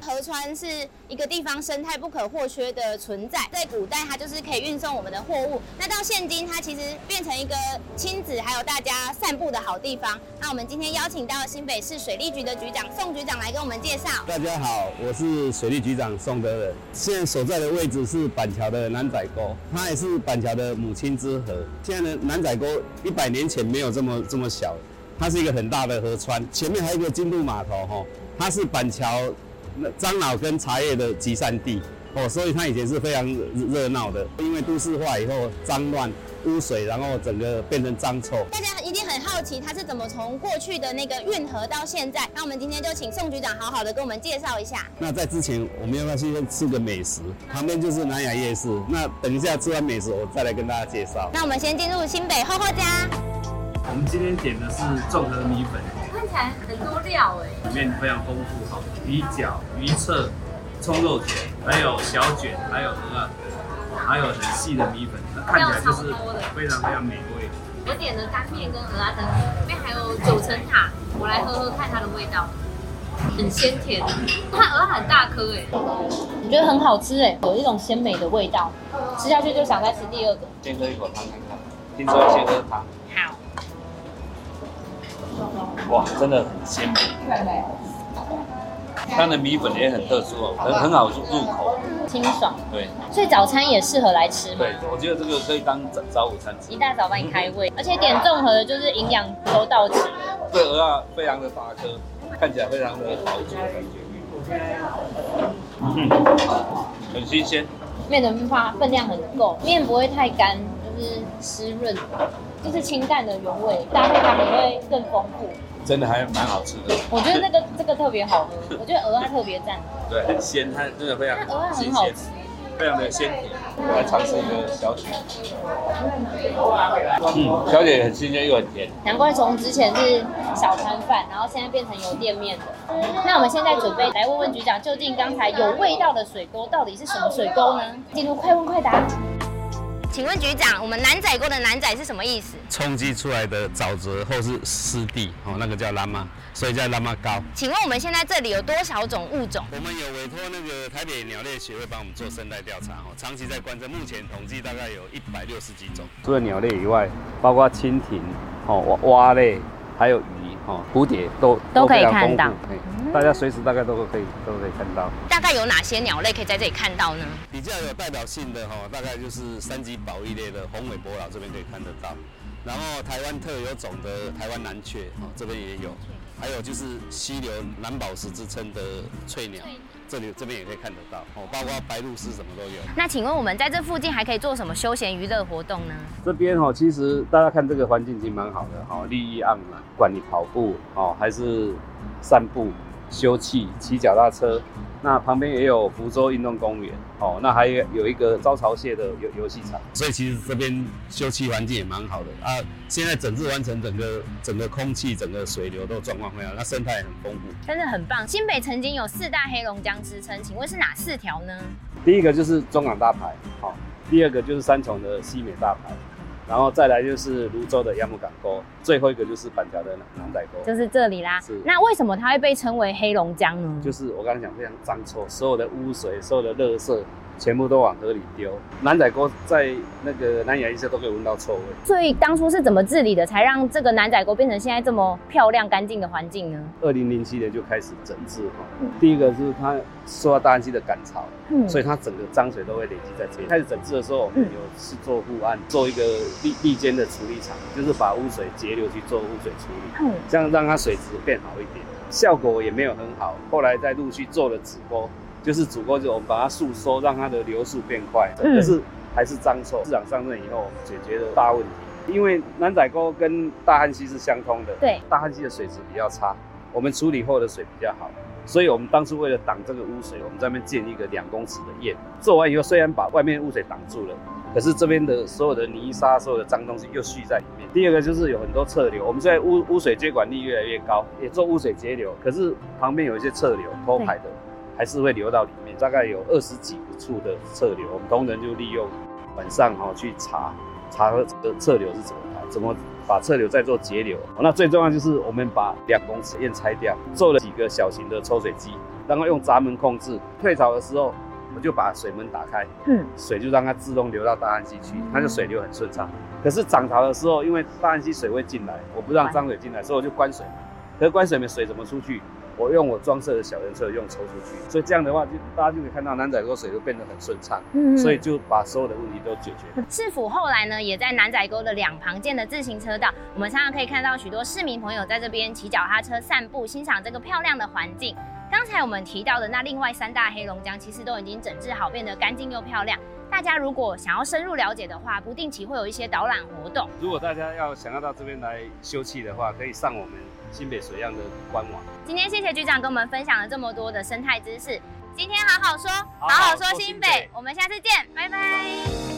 河川是一個地方生態不可或缺的存在，在古代它就是可以運送我們的貨物，那到現今它其實變成一個親子還有大家散步的好地方。那我們今天邀請到新北市水利局的局長宋局長來跟我們介紹。大家好，我是水利局長宋德仁，現在所在的位置是板橋的湳仔溝，它也是板橋的母親之河。現在的湳仔溝一百年前沒有這麼這麼小，它是一個很大的河川，前面還有一個金鹿碼頭，吼，它是板橋。那樟腦跟茶葉的集散地哦，所以它以前是非常熱鬧的。因為都市化以後，髒亂污水，然後整個變成髒臭。大家一定很好奇，它是怎麼從過去的那個運河到現在？那我們今天就請宋局長好好的跟我們介紹一下。那在之前，我們要不要先吃個美食，旁邊就是湳雅夜市。那等一下吃完美食，我再來跟大家介紹。那我們先進入新北厚厚呷。我們今天點的是綜合米粉。很多料哎，裡面非常豐富哈，魚餃、魚冊、蔥肉卷，還有小卷，還有蚵仔，還有很細的米粉，看起來就是非常非常美味。我點了乾麵跟蚵仔羹，裡面還有九層塔，我來喝喝看它的味道，很鮮甜。它蚵仔很大顆哎，我覺得很好吃哎，有一種鮮美的味道，吃下去就想再吃第二個。先喝一口湯看看，聽說先喝湯。好。哇，真的很鮮美。它的米粉也很特殊哦，很很好入入口，清爽。對，所以早餐也適合來吃嗎。對，我覺得這個可以當早早午餐吃，一大早幫你開胃、嗯，而且點綜合的就是營養都到齊。對，蚵仔非常的大顆，看起來非常的好吃的感覺。很、嗯、很新鮮。面的分量很夠，面不會太乾，就是濕潤，就是清淡的原味搭配，它也會更豐富。真的還蠻好吃的，我覺得那個這個特別好喝，呵呵，我覺得蚵仔特別讚，對，很鮮，它真的非常鮮，蚵仔很好吃，非常的鮮甜。嗯、我來嘗試一個小卷、嗯，嗯，小卷很新鮮又很甜。難怪從之前是小攤販，然後現在變成有店面的、嗯。那我們現在準備來問問局長，究竟剛才有味道的水溝到底是什麼水溝呢？進入快問快答。請問局長，我們湳仔溝的湳仔是什麼意思？沖積出來的沼澤或是濕地，哦，那個叫湳嘛，所以叫湳仔溝。請問我們現在這裡有多少種物種？我們有委托那個台北鳥類學會幫我們做生態調查，哦，長期在觀測，目前統計大概有一百六十幾種。除了鳥類以外，包括蜻蜓、哦，蛙類。還有魚哦，蝴蝶都都可以看到，大家隨時大概都可以都可以看到。大概有哪些鳥類可以在這裡看到呢？比較有代表性的哈，大概就是三級保育類的紅尾伯勞，這邊可以看得到。然後台灣特有種的台灣藍鵲，哦，這邊也有。還有就是溪流藍寶石之稱的翠鳥。這裡這邊也可以看得到哦、喔，包括白鷺鷥什麼都有。那請問我們在這附近還可以做什麼休閒娛樂活動呢？這邊哦、喔，其實大家看這個環境已經蠻好的哦、喔，綠意盎然，不管你跑步哦、喔，還是散步、休憩、騎腳踏車。那旁邊也有福州運動公園，哦，那還有有一個招潮蟹的游遊戲場，所以其實這邊休息環境也蠻好的。啊，現在整治完成，整個整個空氣、整個水流都狀況很好，那生態也很豐富，真的很棒。新北曾經有四大黑龍江之稱，請問是哪四條呢？第一個就是中港大排。好，哦，第二個就是三重的西美大排然後再來就是蘆洲的鴨母港溝，最後一個就是板橋的湳仔溝，就是這裡啦。是，那為什麼它會被稱為黑龍江呢？就是我剛才講非常髒臭，所有的污水，所有的垃圾。全部都往河裡丟，湳仔溝在那個湳雅一下都可以聞到臭味。所以當初是怎麼治理的，才讓這個湳仔溝變成現在這麼漂亮乾淨的環境呢？二零零七年就開始整治哈、嗯，第一個是它受到大漢溪的感潮，嗯，所以它整個髒水都會累積在這裡。開始整治的時候，我們有是做護岸、嗯，做一個礫間的處理廠，就是把污水截流去做污水處理，嗯，這樣讓它水質變好一點，效果也沒有很好。後來再陸續做了直播。就是主溝就我們把它速收，讓它的流速變快。嗯、可但是還是髒臭。市長上任以後，我們解決了大問題。因為湳仔溝跟大漢溪是相通的，對，大漢溪的水質比較差，我們處理後的水比較好。所以我們當初為了擋這個污水，我們在那邊建一個兩公尺的堰。做完以後，雖然把外面污水擋住了，可是這邊的所有的泥沙、所有的髒東西又蓄在裡面。第二個就是有很多側流，我們現在污污水接管率越來越高，也做污水截流，可是旁邊有一些側流偷排的。還是會流到裡面，大概有二十幾個處的側流。我們同仁就利用晚上哈、喔、去查查側側流是怎麼排，怎麼把側流再做截流。那最重要就是我們把兩公尺堰拆掉，做了幾個小型的抽水機，然後用閘門控制。退潮的時候，我就把水門打開，水就讓它自動流到大漢溪去，它的水流很順暢。可是漲潮的時候，因為大漢溪水會進來，我不讓漲水進來，所以我就關水門。關水門，水怎麼出去？我用我裝設的小人車用抽出去，所以這樣的話就大家就可以看到湳仔溝水就變得很順暢，嗯，所以就把所有的問題都解決了。市府後來呢，也在湳仔溝的兩旁建了自行車道，我們常常可以看到許多市民朋友在這邊騎腳踏車、散步，欣賞這個漂亮的環境。剛才我們提到的那另外三大黑龍江，其實都已經整治好，變得乾淨又漂亮。大家如果想要深入了解的話，不定期會有一些導覽活動。如果大家要想要到這邊來休息的話，可以上我們新北水漾的官網。今天謝謝局長跟我們分享了這麼多的生態知識。今天好好說，好好說新北，好好新北我們下次見，拜拜。